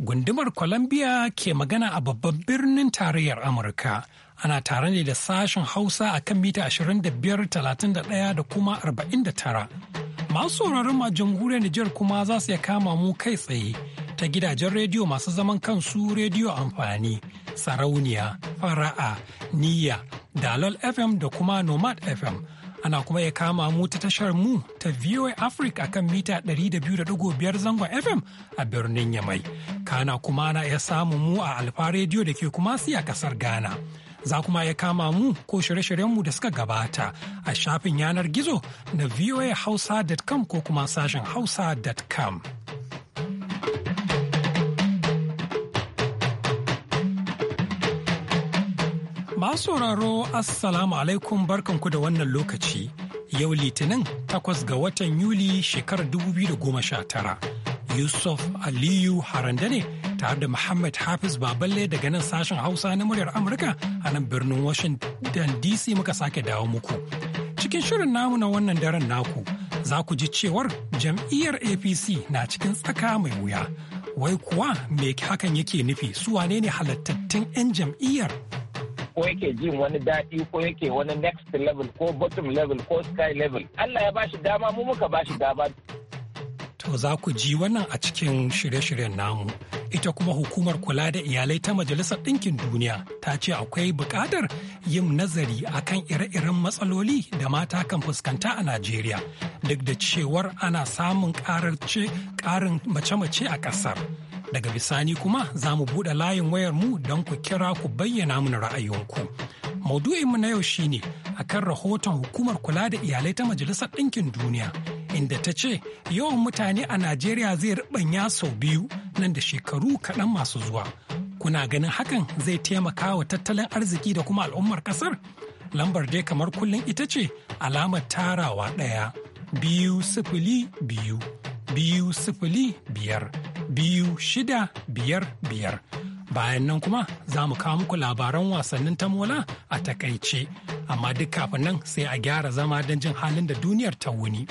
Gundumar Columbia ke magana a babban birnin tarayyar Amurka. Ana tare ne da sashen Hausa a kan mita 25,31 da kuma 49. Masu sauraron ma jamhuriyar Nijar kuma za su iya kama mu kai tsaye ta gidajen rediyo masu zaman kansu rediyo amfani, sarauniya, fara'a, niyya, dalol FM da kuma nomad FM. Ana kuma ya kama mu ta tashar mu ta VOA Africa akan mita 200.5 zangon FM a birnin Yamai. Kana kuma na ya samu mu a Alfa Radio da ke kuma a kasar Ghana. Za kuma ya kama mu ko shirye-shiryenmu da suka gabata a shafin yanar gizo na voahausa.com ko kuma sashen hausa.com. Masu sauraro Assalamu alaikum barkanku da wannan lokaci yau litinin takwas ga watan Yuli shekarar 2019. Yusuf Aliyu Haranda ne tare da Muhammad Hafiz Baballe daga nan sashen Hausa na muryar Amurka a nan birnin Washington DC muka sake dawo muku. Cikin shirin namu na wannan daren naku za ku ji cewar jam'iyyar APC na cikin tsaka mai wuya. Wai kuwa me hakan yake nufi su wane ne halattattun 'yan jam'iyyar? ko yake jin wani daɗi ko yake wani next level ko bottom level ko sky level Allah ya ba shi dama mu muka ba shi dama To za ku ji wannan a cikin shirye-shiryen namu. Ita kuma hukumar kula da iyalai ta Majalisar Ɗinkin Duniya ta ce akwai buƙatar yin nazari akan ire-iren matsaloli da mata kan fuskanta a Najeriya, duk da cewar ana samun ƙarin mace-mace a ƙasar. Daga bisani kuma za mu buɗe layin wayar mu don ku kira ku bayyana mana ra'ayinku. mu na yau shine akan rahoton hukumar kula da iyalai ta Majalisar Ɗinkin Duniya inda ta ce yawan mutane a Najeriya zai ribanya sau biyu nan da shekaru kaɗan masu zuwa. Kuna ganin hakan zai taimaka wa tattalin arziki da kuma al'ummar ƙasar? Lambar dai kamar kullum ita ce alamar tarawa ɗaya biyu sifili biyu biyu sifili biyar biyu shida biyar biyar. Bayan nan kuma za mu kawo muku labaran wasannin tamola a takaice, amma duk kafin nan sai a gyara zama don jin halin da duniyar ta wuni.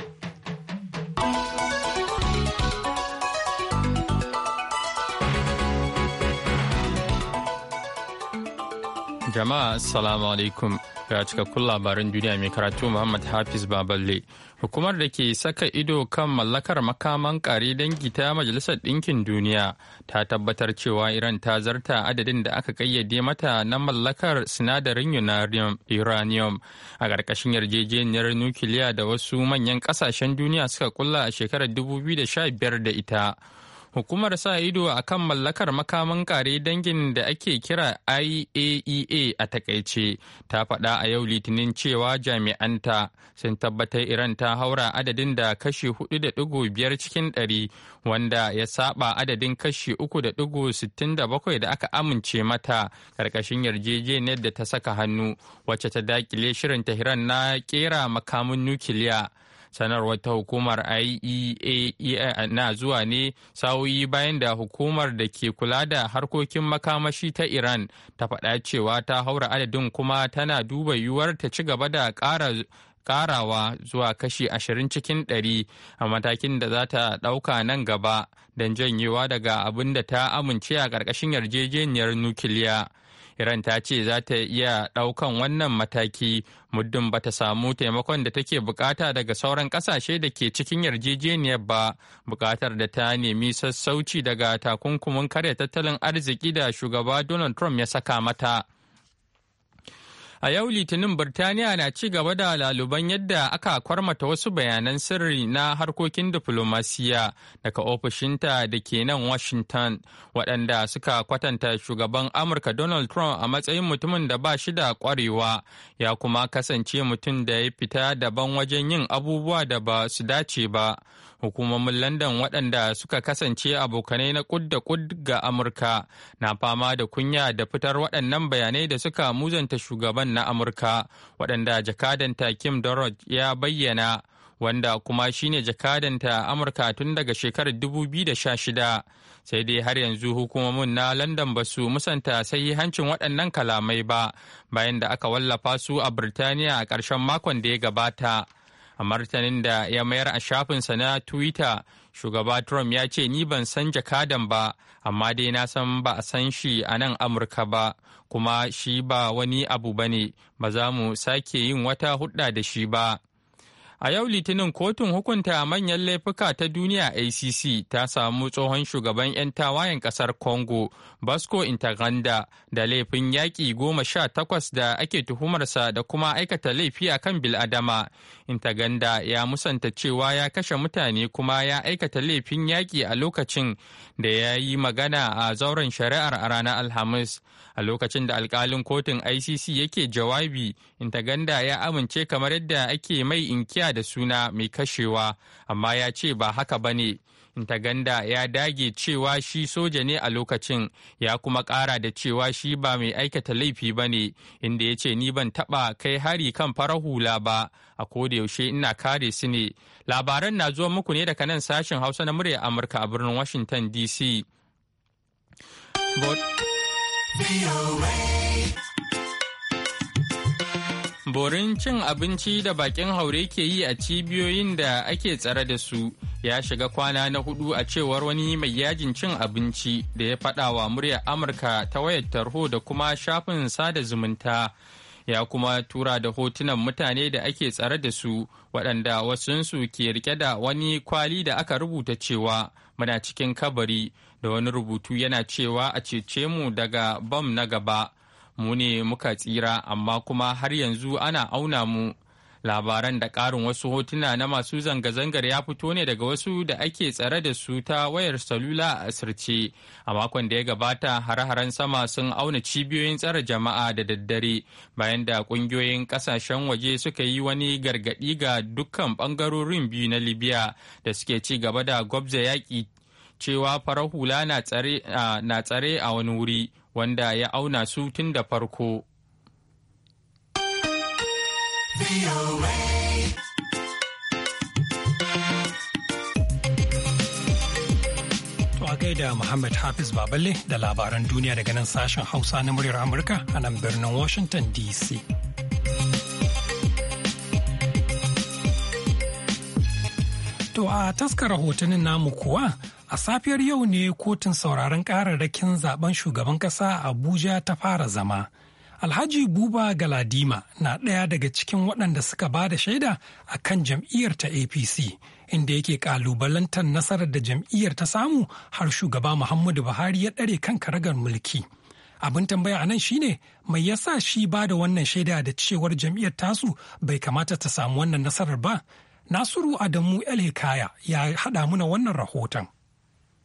Jama'a Assalamu alaikum ga cikakkun labaran duniya mai karatu Muhammad Hafiz Baballe. Hukumar da ke saka ido kan mallakar makaman kare dangi ta Majalisar Ɗinkin Duniya ta tabbatar cewa Iran ta zarta adadin da aka kayyade mata na mallakar sinadarin uranium a ƙarƙashin yarjejeniyar nukiliya da wasu manyan ƙasashen duniya suka kulla a shekarar 2015 da ita. Hukumar sa ido a kan mallakar makaman kare dangin da ake kira IAEA e a takaice ta faɗa a yau litinin cewa jami'anta sun tabbatar Iran ta haura adadin da kashi 4.5 cikin 100 wanda ya saba adadin kashi 3.67 da aka amince mata karkashin yarjejeniyar da ta saka hannu wacce ta dakile shirin Tehran na kera makamin nukiliya. sanarwar ta hukumar iaea e na zuwa ne sa'o'i bayan da hukumar da ke kula da harkokin makamashi ta iran ta faɗa cewa ta haura adadin kuma tana duba yiwuwar ta ci gaba da ƙara karawa zuwa kashi ashirin cikin ɗari a matakin da za ta ɗauka nan gaba don janyewa daga abin da ta amince a ƙarƙashin yarjejeniyar nukiliya. Iran ta ce za ta iya ɗaukan wannan mataki muddin ba ta samu taimakon da take bukata daga sauran ƙasashe da ke cikin yarjejeniyar ba bukatar da ta nemi sassauci daga takunkumin karya tattalin arziki da shugaba Donald Trump ya saka mata. A yau Litinin Birtaniya na ci gaba da laluban yadda aka kwarmata wasu bayanan sirri na harkokin diflomasiya daga ofishinta da ke nan Washington, waɗanda suka kwatanta shugaban Amurka Donald Trump a matsayin mutumin da ba shi da kwarewa ya kuma kasance mutum da ya fita daban wajen yin abubuwa da ba su dace ba. hukumomin london waɗanda suka kasance abokanai na ƙudda kud ga amurka na fama da kunya da fitar waɗannan bayanai da suka muzanta shugaban na amurka waɗanda jakadanta kim dorot ya bayyana wanda kuma shine jakadanta amurka tun daga shekarar 2016 sai dai har yanzu hukumomin na london ba su musanta hancin waɗannan kalamai ba bayan da aka wallafa su a birtaniya a ƙarshen makon da ya gabata. a martanin da ya mayar a shafinsa na twitter shugaba trump ya ce ni ban san jakadan ba amma dai na san ba a san shi a nan amurka ba kuma shi ba wani abu ba ne ba za mu sake yin wata hudda da shi ba A yau Litinin kotun hukunta manyan laifuka ta duniya ACC ta samu tsohon shugaban 'yan tawayen kasar Congo, Basco Intaganda, da laifin yaƙi goma sha takwas da ake tuhumarsa da kuma aikata laifi a kan bil'adama. Intaganda ya musanta cewa ya kashe mutane kuma ya aikata laifin yaƙi a lokacin da ya yi magana a zauren shari'ar a ranar Alhamis. A lokacin da alkalin kotun ICC yake jawabi, Intaganda ya amince kamar yadda ake mai inkiya da suna mai kashewa amma ya ce ba haka ba ne intaganda ya dage cewa shi soja ne a lokacin ya kuma ƙara da cewa shi ba mai aikata laifi ba ne inda ya ce ni ban taɓa kai hari kan farar hula ba a yaushe ina kare su ne labaran na zuwa muku ne daga nan sashen hausa na murya amurka a birnin washington dc borin cin abinci da bakin haure ke yi a cibiyoyin da ake tsare da su ya shiga kwana na hudu a cewar wani mai yajin cin abinci da ya faɗawa wa muryar amurka ta wayar tarho da kuma shafin sada zumunta ya kuma tura da hotunan mutane da ake tsare da su waɗanda wasunsu ke rike da wani kwali da aka rubuta cewa muna cikin kabari da wani rubutu yana cewa a cece mu daga bam na gaba mu ne muka tsira amma kuma har yanzu ana auna mu labaran da ƙarin wasu hotuna na masu zanga-zangar ya fito ne daga wasu da ake tsare da su ta wayar salula a asirce a makon da ya gabata har haren sama sun auna cibiyoyin tsare jama'a da daddare bayan da ƙungiyoyin ƙasashen waje suka yi wani gargaɗi ga dukkan ɓangarorin biyu na libya da suke ci gaba da gwabza yaƙi cewa farar hula na tsare a wani wuri wanda ya auna su tun da farko. da Muhammad Hafiz Baballe da labaran duniya daga nan sashen Hausa na muryar Amurka a nan birnin Washington DC. To a taskar rahotannin namu kuwa A safiyar yau ne kotun sauraron ƙararrakin zaben shugaban ƙasa Abuja ta fara zama. Alhaji Buba Galadima na ɗaya daga cikin waɗanda suka ba da shaida a kan jam'iyyar ta APC, inda yake ƙalubalantar nasarar da jam'iyyar ta samu har shugaba Muhammadu Buhari ya ɗare kan karagar mulki. Abin tambaya a nan shine mai yasa shi ba da wannan shaida da cewar jam'iyyar tasu bai kamata ta samu wannan nasarar ba? Nasiru Adamu El Hikaya ya haɗa muna wannan rahoton.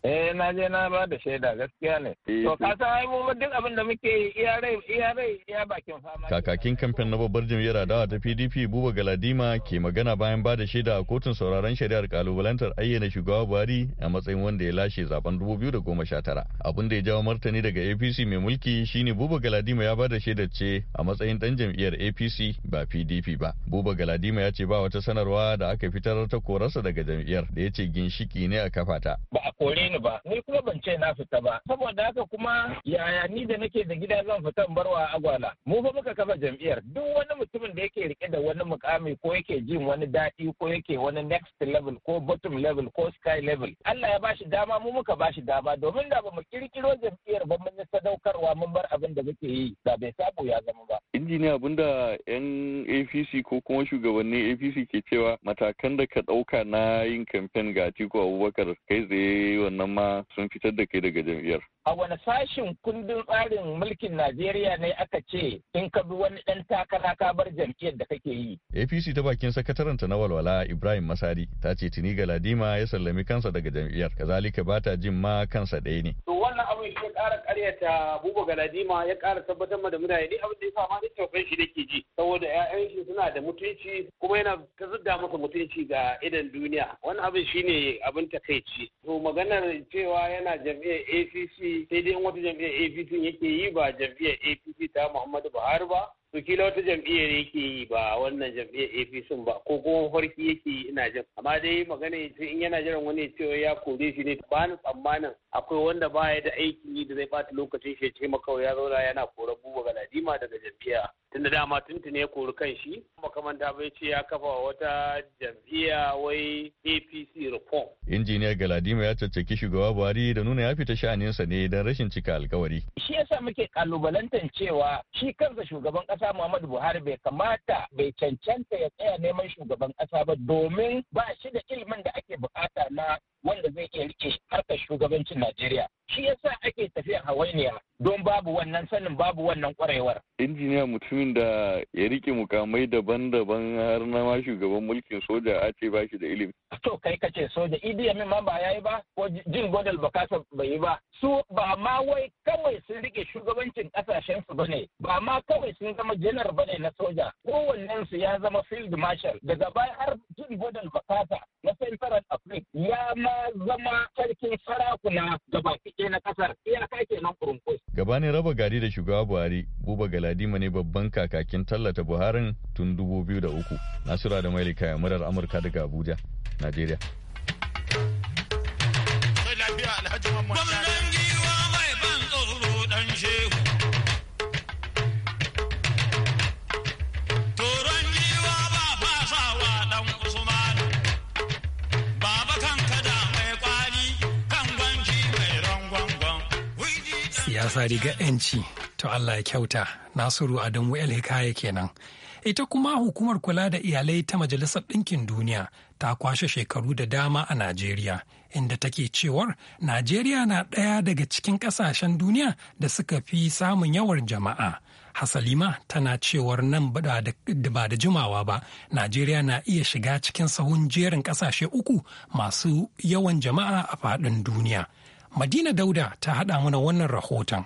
Eh na je na ba da shaida gaskiya ne. Eh, to ka san ai mu duk abin da muke yi iya rai iya rai iya bakin fama. Kakakin kamfen na babbar jam'iyyar adawa ta PDP Buba Galadima ke magana bayan ba da shaida a kotun sauraron shari'ar kalubalantar ayyana shugaba Buhari a matsayin wanda ya lashe zaben 2019. Abin da ya jawo martani daga APC mai mulki shine Buba Galadima ya ba da shaida ce a matsayin dan jam'iyyar APC ba PDP ba. Buba Galadima ya ce ba wata sanarwa da aka fitar ta korarsa daga jam'iyyar da ya ce ginshiki ne a kafata. Ba a kore ni ba ni kuma ban ce na fita ba saboda haka kuma yaya ni da nake da gida zan fita in barwa agwala mu fa muka kafa jam'iyyar duk wani mutumin da yake rike da wani mukami ko yake jin wani daɗi ko yake wani next level ko bottom level ko sky level Allah ya bashi dama mu muka bashi dama domin da ba mu kirkiro jam'iyyar ba mun yi sadaukarwa mun bar abin da muke yi da bai sabo ya zama ba injiniya abinda yan APC ko kuma shugabannin APC ke cewa matakan da ka ɗauka na yin kamfen ga Atiku Abubakar kai tsaye wannan nan ma sun fitar da kai daga jam'iyyar a wani sashin kundin tsarin mulkin Najeriya ne aka ce in ka bi wani ɗan takara ka bar jam'iyyar da kake yi. APC ta bakin ta na walwala Ibrahim Masari ta ce tuni Ladima ya sallami kansa daga jam'iyyar kazalika ba ta jin ma kansa ɗaya ne. To wannan abin ya ƙara ƙaryata Buba Ladima ya kara tabbatar ma da mutane ni abin da ya sa ma ni tausayin shi ke ji saboda ƴaƴan shi suna da mutunci kuma yana ta zudda masa mutunci ga idan duniya wannan abin shine abin takaici. To maganar cewa yana jam'iyyar APC sai dai wata jam'iyyar apc yake yi ba jam'iyyar apc ta muhammadu buhari ba to kila wata jam'iyyar yake yi ba wannan jam'iyyar apc ba ko kuma farki yake yi ina jin amma dai magana ya in yana jiran wani ya cewa ya kore shi ne ba ni tsammanin akwai wanda ba ya da aikin yi da zai bata lokacin shi ya ce maka ya zauna yana kora buba galadima daga jam'iyyar tunda dama tuntune ya kori kan shi makamanta bai ce ya kafa wata jam'iyya wai apc reform injiniyar galadima ya caccaki shugaba buhari da nuna ya fita sha'aninsa ne don rashin cika alkawari shi yasa muke kalubalantan cewa shi kansa shugaban ƙasa muhammadu buhari bai kamata bai cancanta ya tsaya neman shugaban ƙasa ba domin ba shi da ilimin da ake bukata na wanda zai iya rike harkar shugabancin najeriya shi yasa ake tafiya hawainiya don babu wannan sanin babu wannan kwarewar. injiniya mutumin da ya rike mukamai daban-daban har na ma shugaban mulkin soja a ce ba shi da ilimi. to kai ka ce soja idi yamin ma ba ya yi ba ko jin godal ba bai yi ba su ba ma wai kawai sun rike shugabancin kasashen su bane ba ma kawai sun zama janar bane na soja kowannen su ya zama field marshal daga baya har jin godal bakasa na central africa ya ma zama sarkin sarakuna gaba na kasar iyaka kenan kurunkus gabanin raba gari da shugaba buhari buba galadima ne babban kakakin tallata buharin tun 2003 nasura da mai ya murar amurka daga abuja nigeria. Gwamnan ya riga 'yanci to Allah ya kyauta Nasiru Adamu El Hikaya kenan. Ita kuma hukumar kula da iyalai ta Majalisar Ɗinkin Duniya ta kwashe shekaru da dama a Najeriya, inda take cewar Najeriya na ɗaya daga cikin ƙasashen duniya da suka fi samun yawar jama'a. Hasalima tana cewar nan ba da jimawa ba, Najeriya na iya shiga cikin sahun jerin ƙasashe uku masu yawan jama'a a faɗin duniya. Madina Dauda ta haɗa mana wannan rahoton.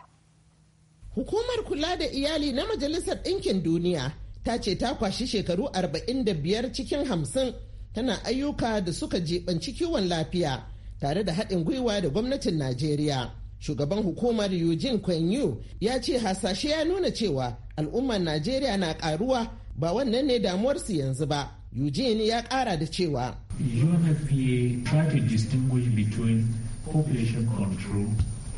Hukumar kula da iyali na Majalisar Ɗinkin Duniya ta ce ta kwashi shekaru 45 cikin hamsin tana ayyuka da suka jibanci kiwon lafiya tare da haɗin gwiwa da gwamnatin Najeriya. Shugaban hukumar Eugene Kwenyu ya ce hasashe ya nuna cewa al'ummar Najeriya na ƙaruwa ba wannan ne damuwarsu yanzu ba. Eugene ya ƙara da cewa. UNFPA have to distinguish between population control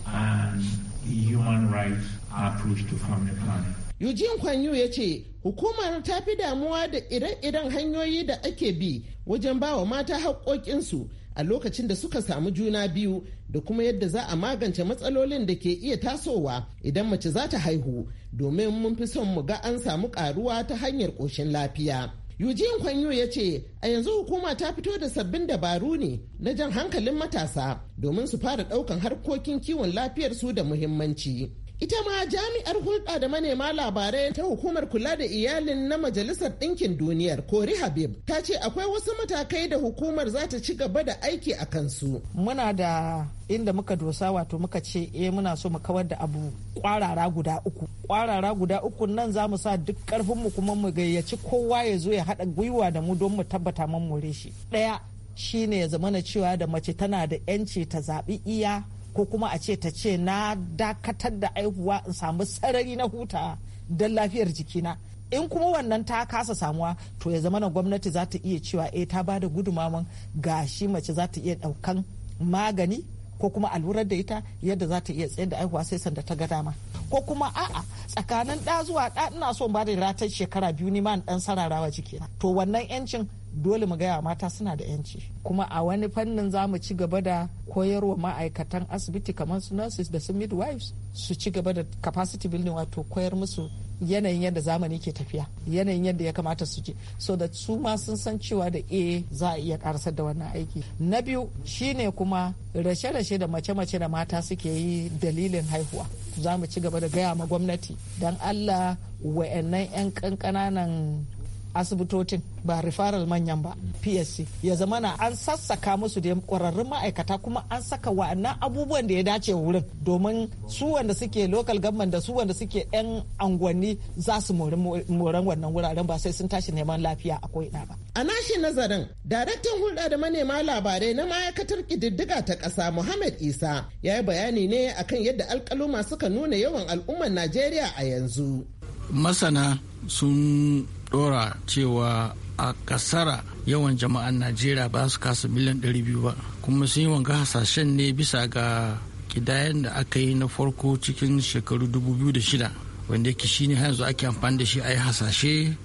and human rights approach to family planning. Eugene Kwanyu ya ce hukumar ta fi damuwa da ire-iren hanyoyi da ake bi wajen ba wa mata haƙoƙinsu a lokacin da suka samu juna biyu da kuma yadda za a magance matsalolin da ke iya tasowa idan mace za ta haihu domin mun fi son mu ga an samu ƙaruwa ta hanyar ƙoshin lafiya. Eugene Kwanyo ya ce a yanzu hukuma ta fito da sabbin dabaru ne na jan hankalin matasa domin su fara ɗaukan harkokin kiwon lafiyarsu da muhimmanci. Ita ma jami'ar hulɗa da manema labarai ta hukumar kula da iyalin na Majalisar Ɗinkin Duniyar Kori Habib ta ce akwai wasu matakai da hukumar za ta ci gaba da aiki a kansu. Muna da inda muka dosa wato muka ce eh muna so mu kawar da abu kwarara guda uku. Kwarara guda uku nan za mu sa duk ƙarfinmu kuma mu gayyaci kowa ya zo ya haɗa gwiwa da mu don mu tabbata mun more shi. Ɗaya shine ya zamana cewa da mace tana da 'yanci ta zaɓi iya ko kuma a ce ta ce na dakatar da aihuwa in samu sarari na huta don lafiyar jikina in kuma wannan ta kasa samuwa to ya zama na gwamnati za ta iya cewa eh ta ba da gudumaman gashi mace za ta iya daukan magani ko kuma allurar da ita yadda za ta iya tsayar da aihuwa sai sanda ta ga dama ko kuma a'a tsakanin da zuwa da ina so ba da ratar shekara biyu ni ma dan sararawa jikina to wannan yancin dole mu gaya mata suna da yanci kuma a wani fannin za mu ci gaba da koyarwa ma'aikatan asibiti kamar su nurses da su midwives su ci gaba da capacity building wato koyar musu yanayin yadda zamani ke tafiya yanayin yadda ya kamata su je so da su ma sun san cewa da A za a iya karasar da wannan aiki na biyu shine kuma rashe-rashe da mace-mace da mata suke yi dalilin haihuwa za mu ci gaba da gaya ma gwamnati don allah wa'annan 'yan kankananan asibitocin ba referral manyan ba psc ya zama na an sassaka musu da kwararrun ma'aikata kuma an saka wa'annan abubuwan da ya dace wurin domin su wanda suke local government da su wanda suke yan angwanni za su moran wannan wuraren ba sai sun tashi neman lafiya a ko'ina ba a nashi nazarin daraktan hulɗa da manema labarai na ma'aikatar ƙididdiga ta ƙasa muhammad isa ya yi bayani ne akan yadda alƙaluma suka nuna yawan al'ummar najeriya a yanzu masana sun dora cewa a kasara yawan jama'an najeriya ba su kasa miliyan 200 ba kuma sun yi wanga hasashen ne bisa ga kidayen da aka yi na farko cikin shekaru 2006 wanda yake shi ne yanzu ake amfani da shi a yi hasashe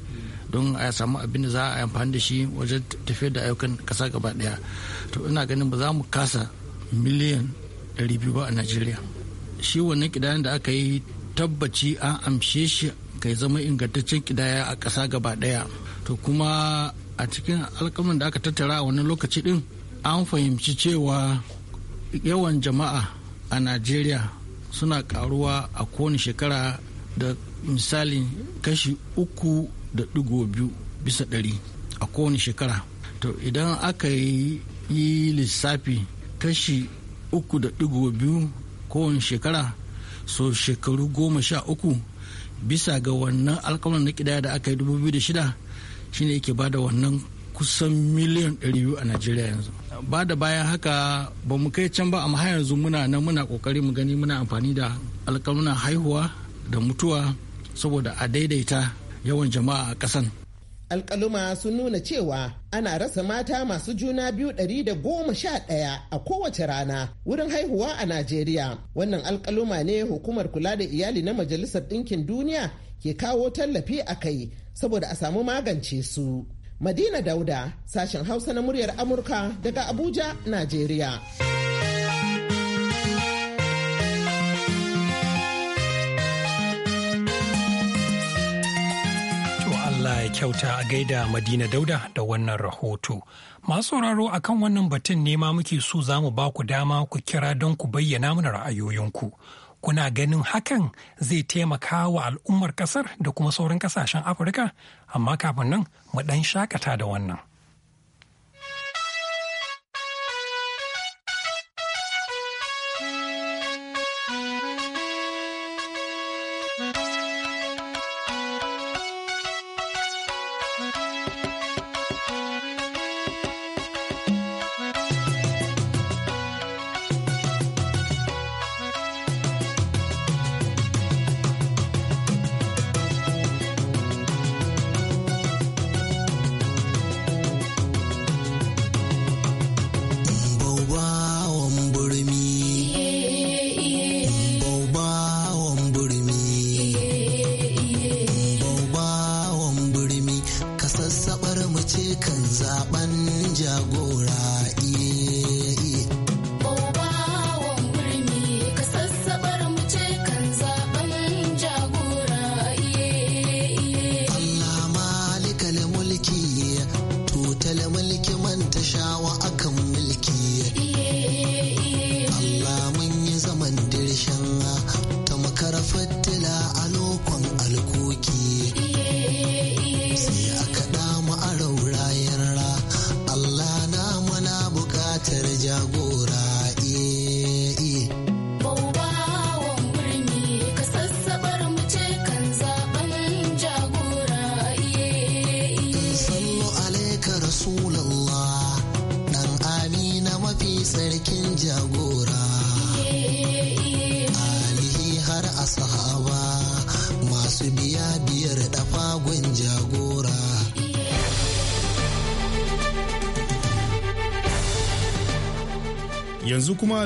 don a samu abin da za a amfani da shi wajen tafiyar da ayyukan kasa gaba daya to ina ganin ba za mu kasa miliyan 200 ba a najeriya shi wannan kidayen da aka yi tabbaci an amshe shi kai zama ingantaccen kidaya a ƙasa gaba ɗaya to kuma a cikin alkamin da aka tattara a wani lokaci ɗin an fahimci cewa yawan jama'a a najeriya suna ƙaruwa a kowane shekara da misalin kashi uku da digo biyu bisa ɗari a kowane shekara to idan aka yi lissafi kashi uku da digo biyu kowane shekara so shekaru goma sha uku bisa ga wannan alkawarin na kidaya da aka yi 2006 shine yake ba da wannan kusan miliyan 200 a najeriya yanzu ba da bayan haka ba mu kai can ba amma yanzu muna nan muna kokari mu gani muna amfani da alkawarin haihuwa da mutuwa saboda a daidaita yawan jama'a a ƙasan alkaluma sun nuna cewa ana rasa mata masu juna biyu ɗari da goma sha ɗaya a kowace rana wurin haihuwa a najeriya wannan alkaluma ne hukumar kula da iyali na majalisar ɗinkin duniya ke kawo tallafi a kai saboda a samu magance su madina dauda sashen hausa na muryar amurka daga abuja najeriya mai kyauta a gaida Madina Dauda da wannan rahoto. Masu sauraro a kan wannan batun nema muke so za mu ba ku dama ku kira don ku bayyana mana ra'ayoyinku. Kuna ganin hakan zai taimaka wa al'ummar ƙasar da kuma sauran ƙasashen Afirka, amma kafin nan mu ɗan shakata da wannan.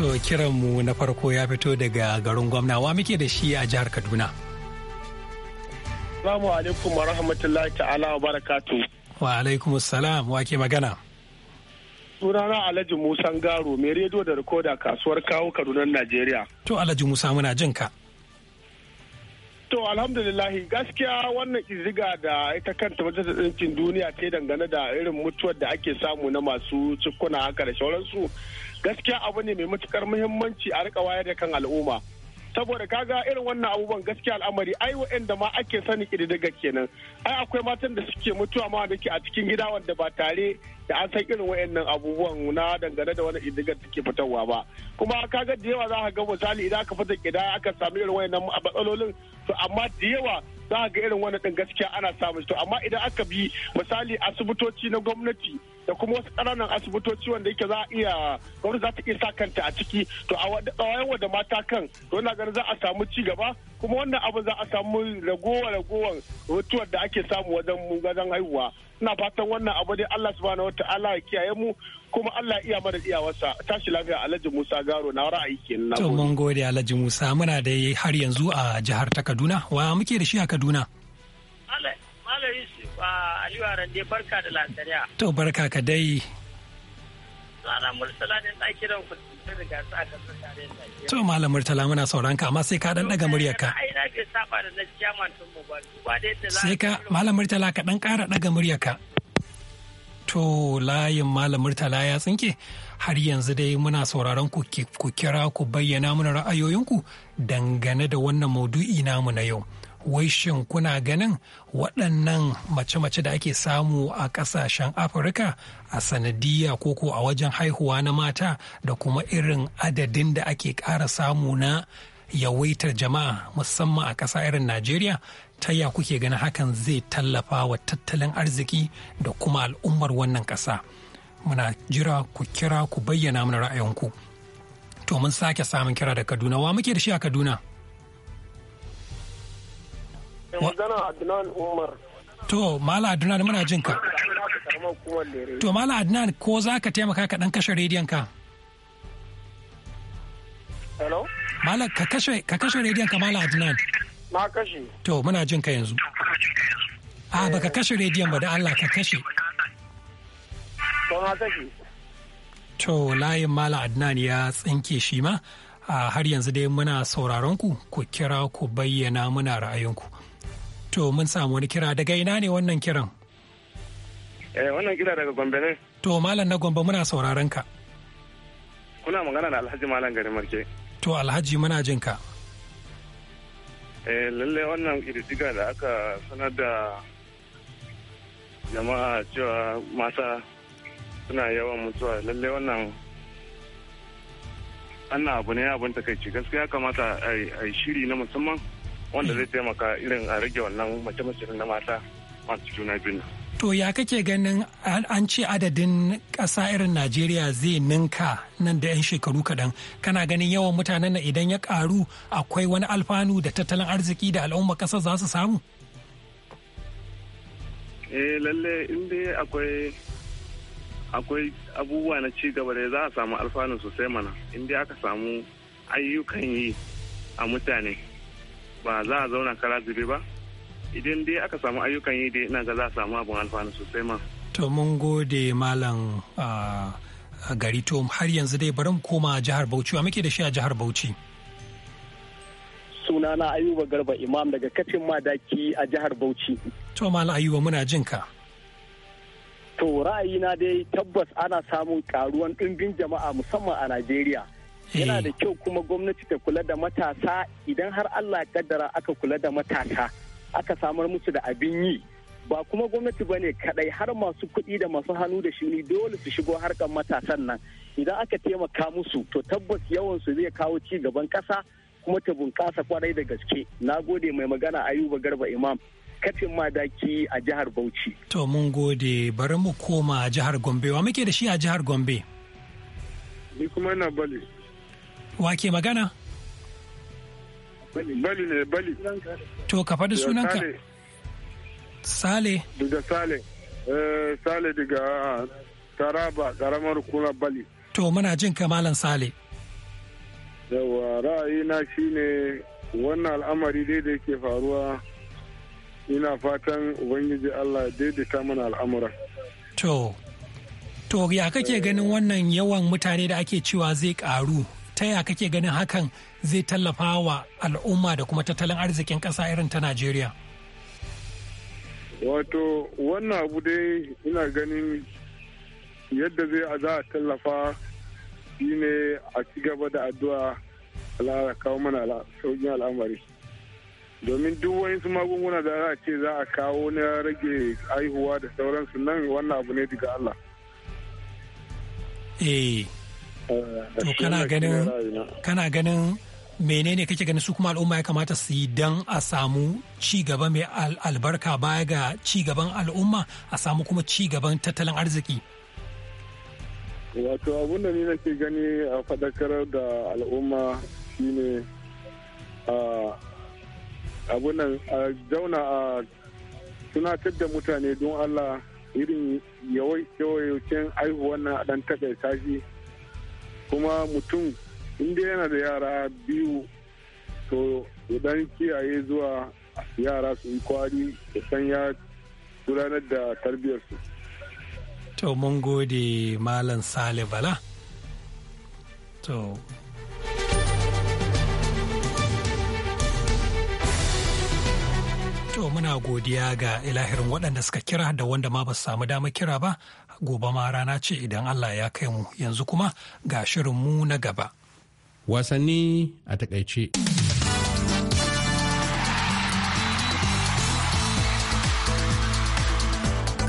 To kiranmu na farko ya fito daga garin gwamna wa muke da shi a jihar Kaduna. Salamu alaikum wa rahmatullahi ta'ala wa barakatu. Wa alaikum salam wa ke magana. Sunana Alhaji Musa Garo mai rediyo da rikoda kasuwar kawo Kaduna Najeriya. To Alhaji Musa muna jin ka. To alhamdulillahi gaskiya wannan iziga da ita kanta majalisar ɗinkin duniya ta dangane da irin mutuwar da ake samu na masu cikuna haka da sauransu gaskiya abu ne mai matukar muhimmanci a rika wayar da kan al'umma saboda kaga irin wannan abubuwan gaskiya al'amari ai wa'anda ma ake sani ƙididdiga kenan ai akwai matan da suke mutuwa ma da ke a cikin gida wanda ba tare da an san irin wa'annan abubuwan na dangane da wani ƙididdigar suke fitarwa ba kuma kaga da yawa za ka ga misali idan aka fita ƙidaya aka samu irin wa'annan matsalolin to amma da yawa za ka ga irin wannan din gaskiya ana samun to amma idan aka bi misali asibitoci na gwamnati da kuma wasu ƙananan asibitoci wanda yake za a iya gwamnati za ta iya sa kanta a ciki to a tsawayawa wada mata kan to na ganin za a samu ci gaba kuma wannan abu za a samu ragowa ragowar mutuwar da ake samu wajen wajen haihuwa ina fatan wannan abu dai Allah subhanahu wataala ya kiyaye mu kuma Allah iya mana iyawarsa tashi lafiya Alhaji Musa Garo na ra'ayi kenan to mun gode Alhaji Musa muna da har yanzu a jihar ta Kaduna wa muke da shi a Kaduna Malam Aliyu barka da To barka ka dai. Murtala ne ku daga To Malam Murtala muna sauran ka amma sai ka dan daga muryar ka. Ai na ke saba da na chairman tun mu ba da yadda Sai ka Malam Murtala ka dan kara daga muryar ka. To layin Malam Murtala ya tsinke har yanzu dai muna sauraron ku ku kira ku bayyana mana ra'ayoyinku dangane da wannan maudu'i namu na yau. wai shin kuna ganin waɗannan mace-mace da ake samu a ƙasashen afirka a sanadiyya koko a wajen haihuwa na mata da kuma irin adadin da ake ƙara samu na yawaitar jama'a musamman a ƙasa irin najeriya ta ya kuke ganin hakan zai tallafa wa tattalin arziki da kuma al'ummar wannan ƙasa muna jira ku kira ku bayyana mana ra'ayinku to mun sake samun kira da kaduna wa muke da shi a kaduna magana Adnan Umar. To, Mala Adnan muna jin ka. To, Mala Adnan ko za ka taimaka ka ɗan kashe rediyon ka? Hello? Mala, ka kashe rediyon ka Mala Adnan. Na kashe. To, muna jin ka yanzu. A, ka kashe rediyon ba da Allah ka kashe. To, kashe. To, layin Mala Adnan ya tsinke shi ma. har yanzu dai muna sauraron ku ku kira ku bayyana muna ra'ayinku. To mun samu wani kira daga ina ne wannan kiran? Eh wannan kira daga Gombe ne. To malam na Gombe muna sauraron ka. Kuna magana da Alhaji Malam Gari Marke. To Alhaji muna jin ka. Eh lalle wannan kididdiga da aka sanar da jama'a cewa mata suna yawan mutuwa lalle wannan annan abu ne abin takaici gaskiya kamata a yi shiri na musamman wanda zai taimaka irin a rage wannan mace-mace na mata masu juna biyu. To ya kake ganin an ce adadin ƙasa irin Najeriya zai ninka nan da 'yan shekaru kaɗan kana ganin yawan mutanen na idan ya karu akwai wani alfanu da tattalin arziki da al'umma ƙasa za su samu? Eh lalle inda akwai akwai abubuwa na ci gaba da za a samu alfanu sosai mana inda aka samu ayyukan yi a mutane. ba za a zauna kara zube ba idan dai aka samu ayyukan yi da ina ga za a samu abin alfanu sosai ma. to mun gode malam gari to har yanzu dai bari mu koma jihar bauchi wa muke da shi a jihar bauchi. sunana ayuba garba imam daga kacin madaki a jihar bauchi. to malam ayuba muna jin ka. to ra'ayina dai tabbas ana samun karuwan ɗimbin jama'a musamman a najeriya. yana eh. da kyau kuma gwamnati ta kula da matasa idan har allah kaddara aka kula da matasa aka samar musu da abin yi ba kuma gwamnati ba ne kadai har masu kuɗi da masu hannu da shi ne dole su shigo harkar matasan nan idan aka taimaka musu to tabbas yawan su zai kawo ci gaban ƙasa kuma ta bunƙasa kwarai da gaske na gode mai magana ayuba garba imam kafin madaki a jihar bauchi to mun gode bari mu koma a jihar gombe wa muke da shi a jihar gombe ni kuma na bali Wa ke magana? Bali ne bali. To ka faɗi sunanka. Sale. Daga Sale. Eh, Sale daga Taraba ƙaramar kuna bali. To muna jin kamalan Sale. Yawa ra'ayina shine wannan al'amari dai da yake faruwa ina fatan Ubangiji Allah daidaita mana alamura To, to ya kake ganin wannan yawan mutane da ake cewa zai ƙaru ta ya kake ganin hakan zai tallafa wa al'umma da kuma tattalin arzikin ƙasa irin ta najeriya wato wannan abu dai ina ganin yadda zai a za a tallafa shine a ci gaba da addu'a Allah kawo mana sauƙin al'amari domin duk wani magunguna da za a ce za a kawo na rage aihuwa da sauransu nan wannan abu ne daga Allah. Eh. to kana ganin kana ganin menene kake ganin su kuma al'umma ya kamata su yi dan a samu ci gaba mai albarka baya ga ci gaban al'umma a samu kuma ci gaban tattalin arziki wato abun da ni nake gani a faɗakar da al'umma shine abun nan a zauna a tunatar da mutane don allah irin yawai aihuwan na dan taɓa tashi kuma mutum inda yana da yara biyu to idan kiyaye zuwa yara su yi kwari da san ya gudanar da tarbiyyarsu. To mun gode Malam Sale Bala. To. To muna godiya ga ilahirin waɗanda suka kira da wanda ma ba su samu dama kira ba gobe ma rana ce idan Allah ya kai mu yanzu kuma ga shirin mu na gaba. Wasanni a takaice.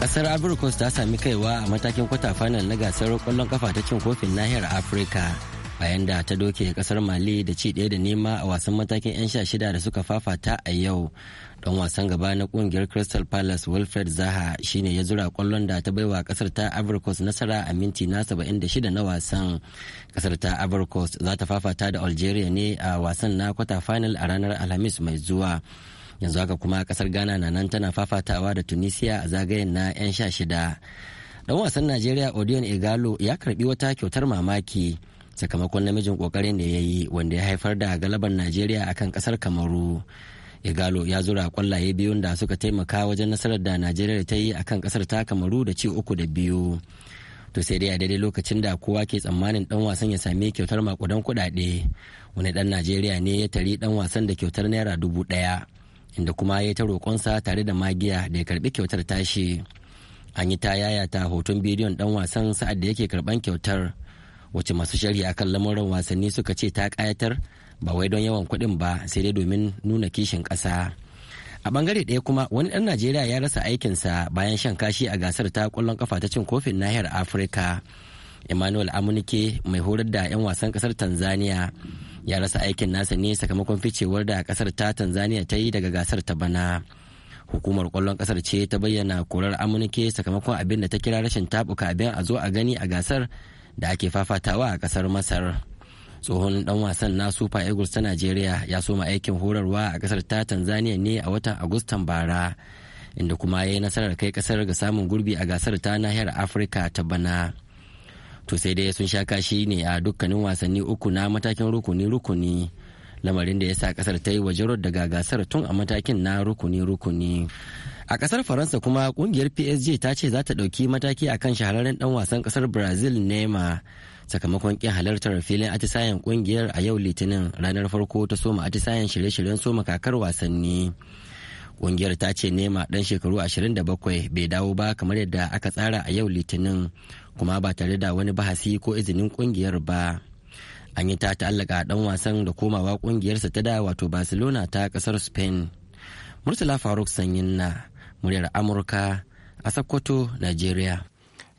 kasar Ivory ta sami kaiwa a matakin kwata final na gasar kwallon kafa ta cin kofin nahiyar Afirka bayan da ta doke kasar mali da ci daya da nema a wasan matakin 'yan sha shida da suka fafata a yau don wasan gaba na kungiyar crystal palace wilfred zaha shine ya zura kwallon da ta baiwa kasar ta abricos nasara a minti na 76 na wasan kasar ta abricos za ta fafata da algeria ne a wasan na kwata final a ranar alhamis mai zuwa yanzu haka kuma kasar ghana na nan tana fafatawa da tunisia a zagayen na 'yan sha shida dan wasan najeriya odion igalo ya karbi wata kyautar mamaki sakamakon namijin kokarin da ya yi wanda ya haifar da galabar najeriya akan kasar kamaru igalo ya zura kwallaye biyun da suka taimaka wajen nasarar da najeriya ta yi akan kasar ta kamaru da ci uku da biyu to sai dai a daidai lokacin da kowa ke tsammanin dan wasan ya sami kyautar makudan kudade wani dan najeriya ne ya tari dan wasan da kyautar naira dubu daya inda kuma ya ta roƙonsa tare da magiya da ya karbi kyautar tashi an yi ta yayata hoton bidiyon dan wasan sa'ad da yake karban kyautar wacce masu shari'a akan lamuran wasanni suka ce ta kayatar ba wai don yawan kuɗin ba sai dai domin nuna kishin ƙasa a bangare ɗaya kuma wani ɗan najeriya ya rasa aikinsa bayan shan kashi a gasar ta ƙwallon kafa ta cin kofin nahiyar afirka emmanuel amunike mai horar da 'yan wasan ƙasar tanzania ya rasa aikin nasa ne sakamakon ficewar da kasar ta tanzania ta yi daga gasar ta bana hukumar ƙwallon ƙasar ce ta bayyana korar amunike sakamakon abin da ta kira rashin tabuka abin a zo a gani a gasar da ake fafatawa a kasar masar tsohon dan wasan na super eagles ta najeriya ya soma aikin horarwa a kasar ta tanzania ne a watan agustan bara inda kuma ya yi nasarar kai kasar ga samun gurbi a gasar ta nahiyar afirka ta bana to sai dai sun sha kashi ne a dukkanin wasanni uku na matakin rukuni-rukuni lamarin da ya sa kasar ta yi wajen daga gasar tun a matakin na rukuni-rukuni a kasar faransa kuma kungiyar psg ta ce za ta ɗauki mataki a kan shahararren dan wasan kasar brazil neymar sakamakon kin halartar filin atisayen kungiyar a yau litinin ranar farko ta soma atisayen shirye-shiryen soma kakar wasanni kungiyar ta ce nema dan shekaru 27 bai dawo ba kamar yadda aka tsara a yau litinin kuma ba tare da wani bahasi ko izinin kungiyar ba an yi ta ta'allaka dan wasan da komawa kungiyarsa ta da wato barcelona ta kasar spain murtala faruk sanyin na muryar amurka a sokoto najeriya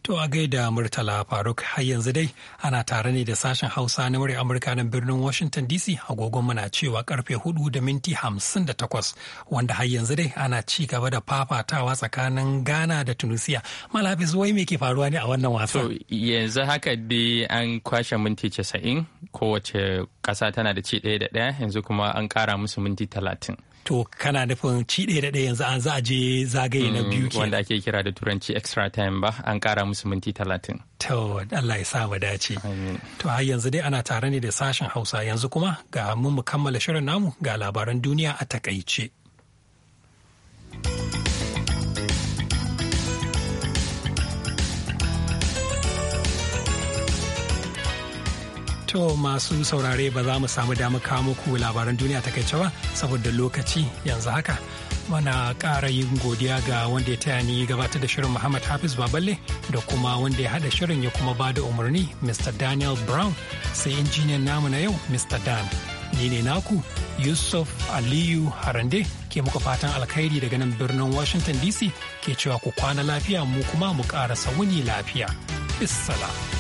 To a gaida Murtala Faruk har yanzu dai ana tare ne da sashen Hausa na murya Amurka na birnin Washington DC agogon muna cewa karfe hudu da minti hamsin da takwas wanda har yanzu dai ana ci gaba da fafatawa tsakanin Ghana da Tunisia. Malafis wai me ke faruwa ne a wannan wasa yanzu haka dai an kwashe minti casa'in kowace ƙasa tana da ci ɗaya da ɗaya yanzu kuma an ƙara musu minti talatin. to kana nufin ci ɗaya da ɗaya yanzu an za a je zagaye na biyu ke mm, wanda ake kira da turanci extra time ba an ƙara musu minti talatin to Allah ya sa mu dace to har yanzu dai ana tare ne da sashen hausa yanzu kuma ga mun mu kammala shirin namu ga labaran duniya a takaice To masu saurare ba za mu samu damar kawo muku labaran duniya ta kai ba saboda lokaci yanzu haka. Mana ƙara yin godiya ga wanda ya taya ni gabatar da shirin Muhammad Hafiz Baballe da kuma wanda ya haɗa shirin ya kuma ba da umarni Mr. Daniel Brown sai injiniyan namu na yau Mr. Dan. Ni ne naku Yusuf Aliyu Harande ke muka fatan alkhairi daga nan birnin Washington DC ke cewa ku kwana lafiya mu kuma mu ƙara sauni lafiya. Bissala.